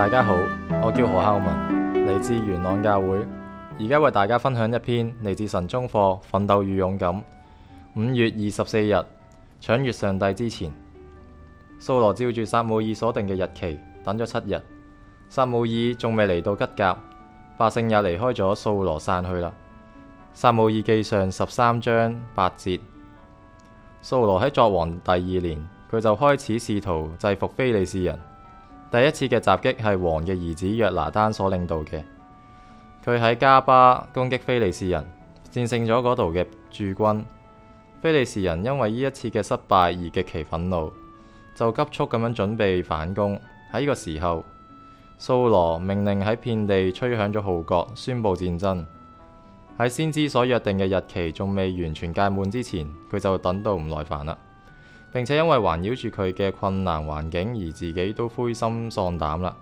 大家好，我叫何孝文，嚟自元朗教會，而家為大家分享一篇嚟自神中課《奮鬥與勇敢》。五月二十四日，搶越上帝之前，掃羅照住撒母耳所定嘅日期等咗七日，撒母耳仲未嚟到吉甲，百姓也離開咗，掃羅散去啦。撒母耳記上十三章八節，掃羅喺作王第二年，佢就開始試圖制服非利士人。第一次嘅襲擊係王嘅兒子約拿單所領導嘅，佢喺加巴攻擊非利士人，戰勝咗嗰度嘅駐軍。非利士人因為呢一次嘅失敗而極其憤怒，就急速咁樣準備反攻。喺呢個時候，掃羅命令喺遍地吹響咗號角，宣布戰爭。喺先知所約定嘅日期仲未完全屆滿之前，佢就等到唔耐煩啦。並且因為環繞住佢嘅困難環境，而自己都灰心喪膽啦。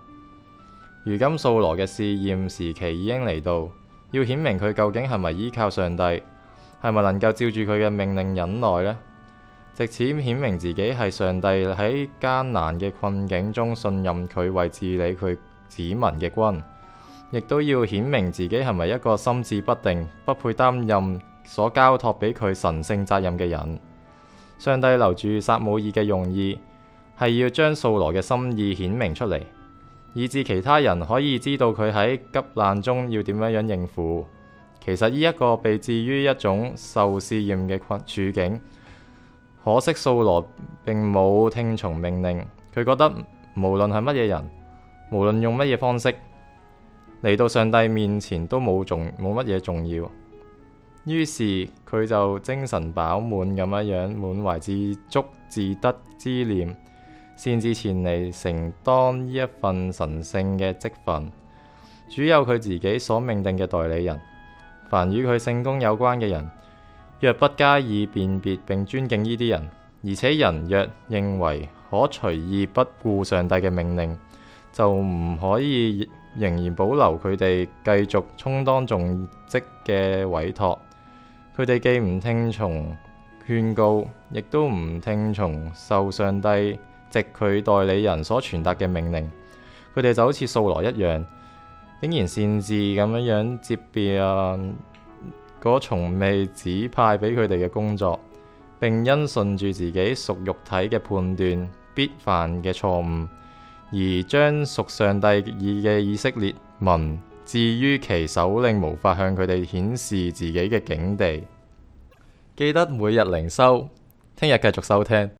如今掃羅嘅試驗時期已經嚟到，要顯明佢究竟係咪依靠上帝，係咪能夠照住佢嘅命令忍耐呢？直至顯明自己係上帝喺艱難嘅困境中信任佢，為治理佢子民嘅君，亦都要顯明自己係咪一個心智不定、不配擔任所交託俾佢神聖責任嘅人。上帝留住撒母耳嘅用意，係要將掃羅嘅心意顯明出嚟，以致其他人可以知道佢喺急難中要點樣樣應付。其實呢一個被置於一種受試驗嘅困處境，可惜掃羅並冇聽從命令。佢覺得無論係乜嘢人，無論用乜嘢方式嚟到上帝面前都，都冇重冇乜嘢重要。於是佢就精神飽滿咁樣樣，滿懷自足自得之念，先至前嚟承擔呢一份神聖嘅職份。主有佢自己所命定嘅代理人，凡與佢聖功有關嘅人，若不加以辨別並尊敬呢啲人，而且人若認為可隨意不顧上帝嘅命令，就唔可以仍然保留佢哋繼續充當重職嘅委託。佢哋既唔聽從勸告，亦都唔聽從受上帝藉佢代理人所傳達嘅命令。佢哋就好似掃羅一樣，竟然擅自咁樣樣接辯啊！嗰從未指派俾佢哋嘅工作，並因信住自己屬肉體嘅判斷，必犯嘅錯誤，而將屬上帝意嘅以色列民。至於其首領無法向佢哋顯示自己嘅境地，記得每日靈修，聽日繼續收聽。